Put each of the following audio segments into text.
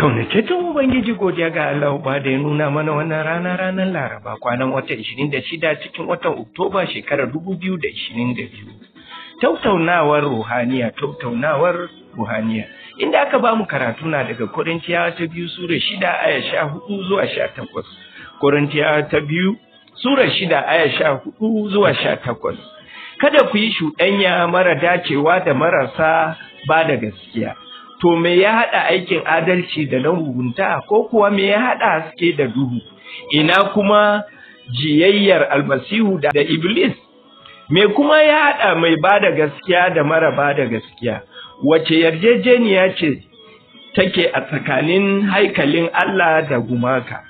Kaunataccen Ubangiji godiya ga Allah ba da ya nuna mana wannan rana ranar Laraba kwanan wata 26 cikin watan Oktoba shekarar 2022. Tautaunawar ruhaniya, tautaunawar ruhaniya. Inda aka ba mu karatu na daga Korintiyawa ta biyu Sura shida aya sha hudu zuwa sha takwas. Korintiyawa ta biyu Sura shida aya sha hudu zuwa sha takwas. Kada ku yi shuɗanya mara dacewa da marasa ba da gaskiya. to me ya haɗa aikin adalci da na mugunta ko kuwa me ya haɗa haske da duhu ina kuma jiyayyar almasihu da, iblis me kuma ya haɗa mai ba da gaskiya da mara ba da gaskiya wace yarjejeniya ce take a tsakanin haikalin Allah da gumaka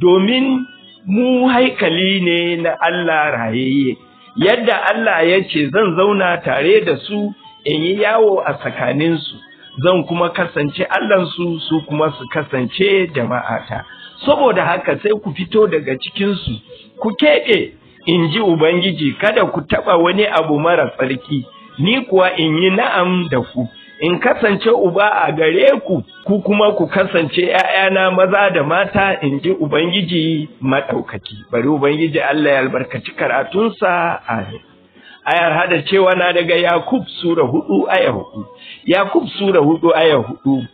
domin mu haikali ne na Allah rayayye yadda Allah ya ce zan zauna tare da su in yi yawo a tsakaninsu zan kuma kasance allansu su kuma su kasance jama'ata saboda haka sai ku fito daga cikinsu ku keɓe in ji Ubangiji kada ku taɓa wani abu mara tsarki ni kuwa in yi na'am da ku in kasance uba a gare ku ku kuma ku kasance ‘ya'yana maza da mata in ji Ubangiji maɗaukaki bari Ubangiji Allah ya albarkaci karatunsa amin. ayar hada cewa na daga Yakub sura hudu aya hudu Yakub sura hudu aya hudu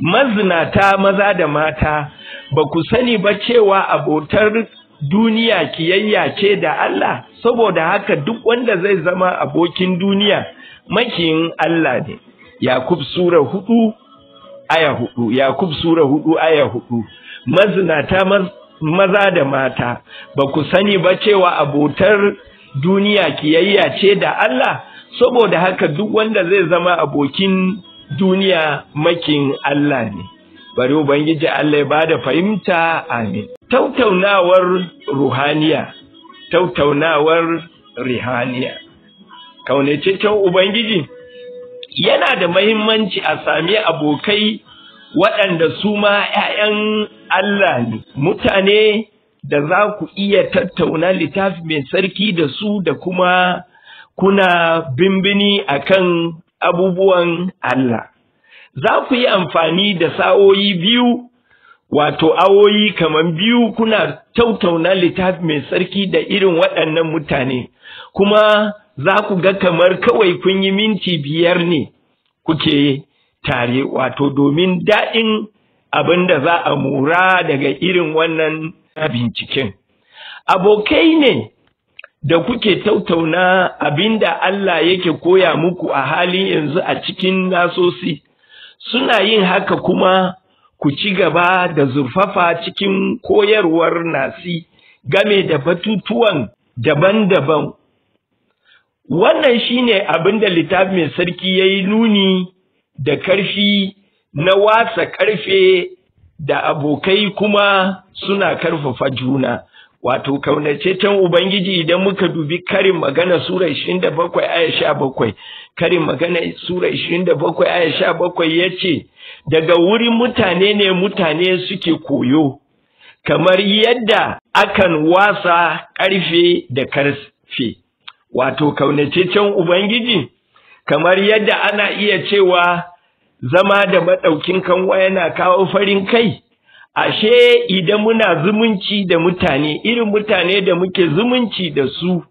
mazinata maza da mata ba ku sani ba cewa abotar duniya kiyayya ce da Allah saboda haka duk wanda zai zama abokin duniya makiyin Allah ne Yakub sura hudu aya hudu Yakub sura hudu aya hudu mazinata maza da mata ba ku sani ba cewa abotar duniya kiyayya ce da Allah saboda haka duk wanda zai zama abokin duniya makin Allah ne bari ubangiji Allah ya bada fahimta amin tautaunawar ruhaniya tautaunawar rihaniya kaunataccen ubangiji yana da mahimmanci a sami abokai waɗanda su ma 'ya'yan Allah ne mutane da za ku iya tattauna littafi mai sarki da su da kuma kuna bimbini akan abubuwan Allah. Za ku yi amfani da sa'o'i biyu, wato awoyi kamar biyu kuna tattauna littafi mai sarki da irin waɗannan mutane, kuma za ku ga kamar kawai kun yi minti biyar ne kuke tare, wato domin daɗin abin da za a mura daga irin wannan binciken abokai ne da kuke tautauna abinda Allah yake koya muku a halin yanzu a cikin nasosi suna yin haka kuma ku ci gaba da zurfafa cikin koyarwar nasi game da batutuwan daban-daban wannan shine da littafin sarki ya yi nuni da karfi na wasa karfe da abokai kuma suna karfafa juna wato kaunacecen ubangiji idan muka dubi karin magana sura 27 aya 17 karin magana sura 27 aya 17 yace daga wurin mutane ne mutane suke koyo kamar yadda akan wasa karfe da karfe wato kaunacecen ubangiji kamar yadda ana iya cewa zama da maɗaukin kanwa yana kawo farin kai ashe idan muna zumunci da mutane irin mutane da muke zumunci da su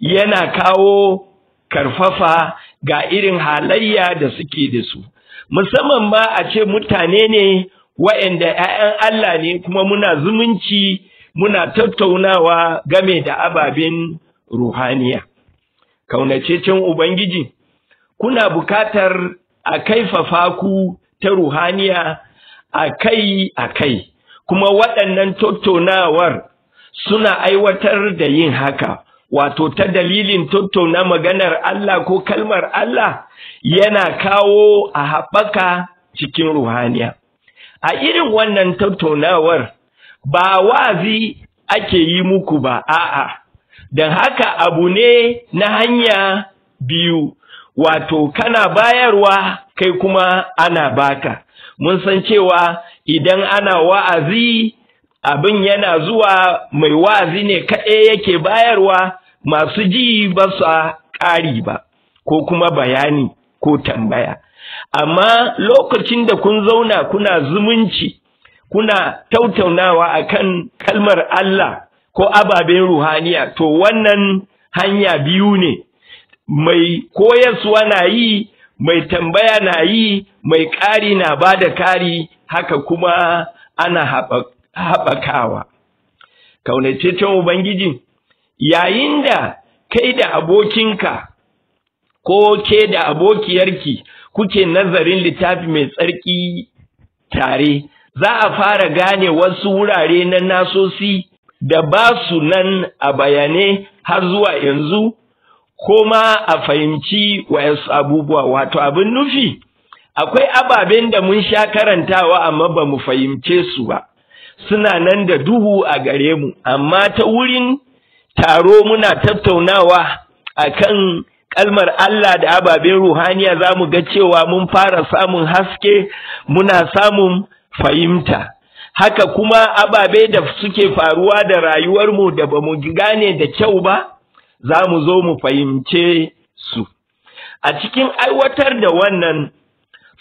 yana kawo karfafa ga irin halayya da suke da su musamman ma a ce mutane ne wa'anda 'ya'yan Allah ne kuma muna zumunci muna tattaunawa game da ababen ruhaniya kaunacecen ubangiji kuna buƙatar? a kaifafa ku ta ruhaniya a kai a kai kuma waɗannan tattaunawar suna aiwatar da yin haka wato ta dalilin tattauna maganar Allah ko kalmar Allah yana kawo a haɓaka cikin ruhaniya a irin wannan tattaunawar ba wazi ake yi muku ba a'a don haka abu ne na hanya biyu wato kana bayarwa kai kuma ana baka mun san cewa idan ana wa'azi abin yana zuwa mai wa'azi ne kaɗai yake bayarwa masu ji ba sa ƙari ba ko kuma bayani ko tambaya amma lokacin da kun zauna kuna zumunci kuna tautaunawa akan kalmar Allah ko ababen ruhaniya to wannan hanya biyu ne mai koyarsuwa na yi mai tambaya na yi mai ƙari na ba da ƙari haka kuma ana haɓakawa kaunataccen ubangiji yayin da kai da abokinka ko ke da abokiyarki kuke nazarin littafi mai tsarki tare za a fara gane wasu wurare na nasosi da ba su nan a bayane har zuwa yanzu ko a fahimci wasu abubuwa wato abin nufi akwai ababen da mun sha karantawa amma ba mu fahimce su ba suna nan da duhu a gare mu amma ta wurin taro muna tattaunawa a kan kalmar Allah da ababen ruhaniya za mu ga cewa mun fara samun haske muna samun fahimta haka kuma ababe da suke faruwa da rayuwarmu da ba mu gane da kyau ba za mu zo mu fahimce su a cikin aiwatar da wannan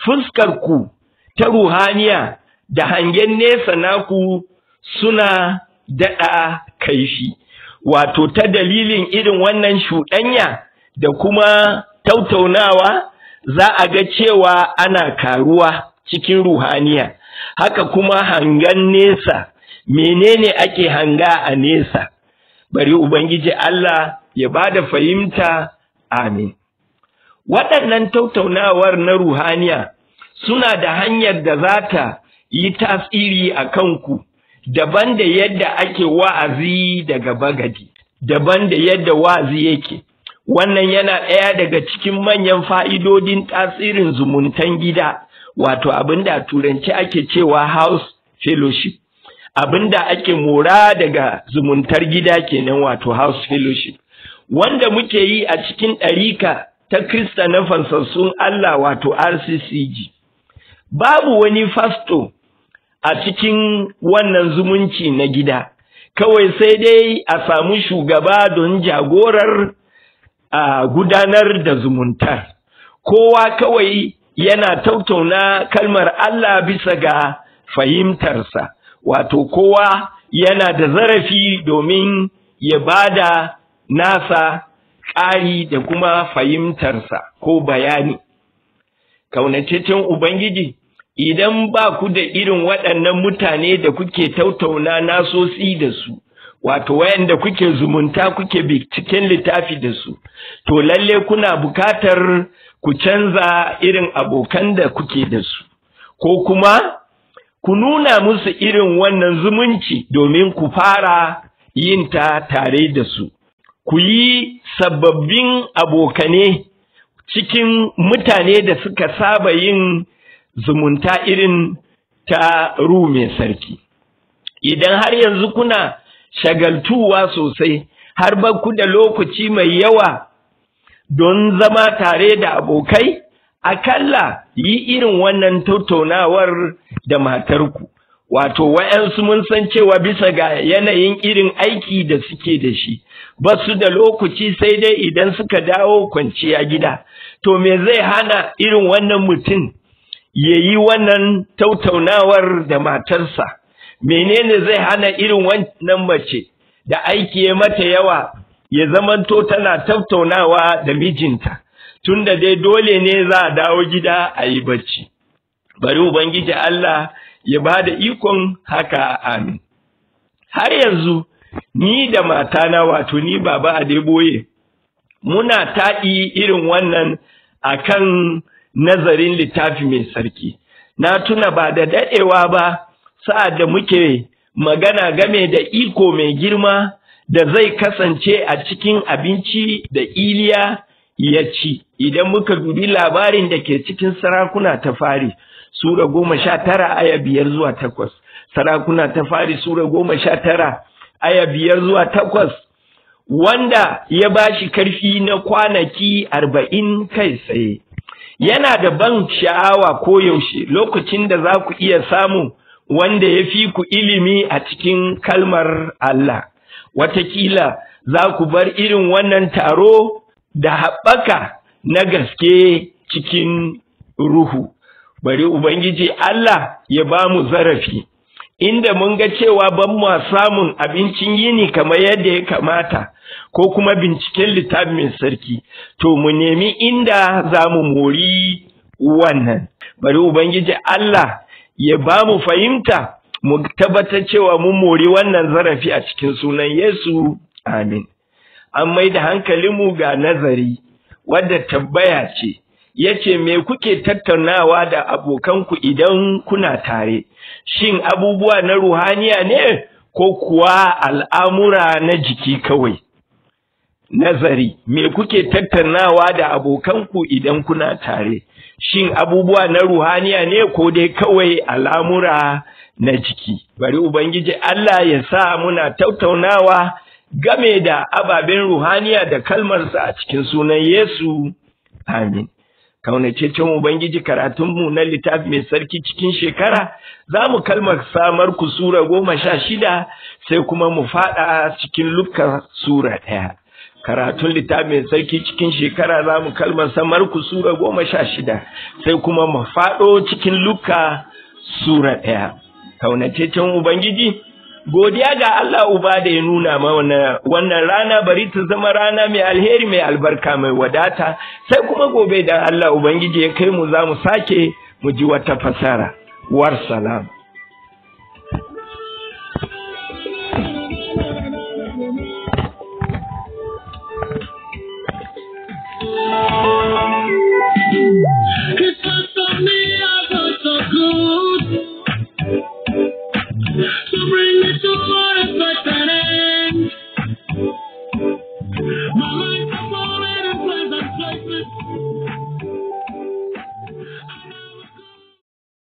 fuskar ku ta ruhaniya da hangen nesa naku suna daɗa kaifi wato ta dalilin irin wannan shuɗanya da kuma tautaunawa za a ga cewa ana karuwa cikin ruhaniya haka kuma hangen nesa menene ake hanga a nesa bari ubangiji Allah ya ba da fahimta amin waɗannan tattaunawar na ruhaniya suna da hanyar da za ta yi tasiri a kanku daban da yadda ake wa'azi daga bagadi daban da yadda wa'azi yake wannan yana ɗaya daga cikin manyan fa'idodin tasirin zumuntan gida wato abin a turanci ake cewa house fellowship da ake mora daga zumuntar gida kenan wato house fellowship wanda muke yi a cikin ɗarika ta Krista na fansassun Allah wato RCCG. Babu wani fasto a cikin wannan zumunci na gida, kawai sai dai a samu shugaba don jagorar a gudanar da zumuntar. Kowa kawai yana tautauna kalmar Allah bisa ga fahimtarsa, wato kowa yana da zarafi domin ya bada nasa ƙari da kuma fahimtarsa ko bayani. kaunacecen Ubangiji, idan ba ku da irin waɗannan mutane da kuke tautauna nasosi da su, wato wayanda kuke zumunta kuke cikin littafi da su, to lalle kuna bukatar ku canza irin abokan da kuke da su, ko kuma ku nuna musu irin wannan zumunci domin ku fara yin ta tare da su. ku yi sababbin abokane cikin mutane da suka saba yin zumunta irin ta ruhu mai sarki idan har yanzu kuna shagaltuwa sosai har ba ku da lokaci mai yawa don zama tare da abokai akalla yi irin wannan tattaunawar da matarku wato wa'yansu mun san cewa bisa ga yanayin irin aiki da suke da shi ba su da lokaci sai dai idan suka dawo kwanciya gida to me zai hana irin wannan mutum ya yi wannan tautaunawar da matarsa menene zai hana irin wannan mace da aiki ya mata yawa ya zamanto tana tattaunawa da mijinta tunda dai dole ne za a dawo gida a yi bacci bari ubangiji Allah ya ba da ikon haka amin har yanzu ni da matana wato ni baba a adeboye muna taɗi irin wannan a kan nazarin littafi mai sarki na tuna ba da daɗewa ba sa'ad da muke magana game da iko mai girma da zai kasance a cikin abinci da iliya ya ci idan muka dubi labarin da ke cikin sarakuna ta fari sura goma sha tara aya biyar zuwa takwas sarakuna ta fari sura goma sha tara aya biyar zuwa takwas wanda ya ba shi karfi na kwanaki arba'in kai tsaye yana da ban sha'awa ko yaushe lokacin da za ku iya samu wanda ya fi ku ilimi a cikin kalmar Allah watakila za ku bar irin wannan taro da haɓaka na gaske cikin ruhu bari ubangiji Allah ya ba mu zarafi inda mun ga cewa ban mu samun abincin yini kamar yadda ya kamata ko kuma binciken littafin sarki to mu nemi inda za mu mori wannan bari ubangiji Allah ya ba mu fahimta mu tabbatar cewa mun mori wannan zarafi a cikin sunan Yesu amin an mai da hankalinmu ga nazari wadda tabbaya ce yace me kuke tattaunawa da abokanku idan kuna tare shin abubuwa na ruhaniya ne ko kuwa al'amura na jiki kawai nazari me kuke tattaunawa da abokanku idan kuna tare shin abubuwa na ruhaniya ne ko dai kawai al'amura na jiki bari ubangiji Allah ya sa muna tattaunawa game da ababen ruhaniya da kalmarsa a cikin sunan Yesu amin kaunacecen Ubangiji karatunmu na littafi mai sarki cikin shekara, za mu kalmar samar ku Sura goma sha shida sai kuma mu faɗa cikin Luka Sura ɗaya. Karatun littafi mai sarki cikin shekara za mu kalmar samar ku Sura goma sha shida sai kuma mu faɗo cikin Luka Sura ɗaya. Kaunacecen Ubangiji, godiya ga Allah uba da ya nuna ma wannan rana bari ta zama rana mai alheri mai albarka mai wadata sai kuma gobe da Allah ubangiji ya kai mu za mu sake mu ji wata fasara war salam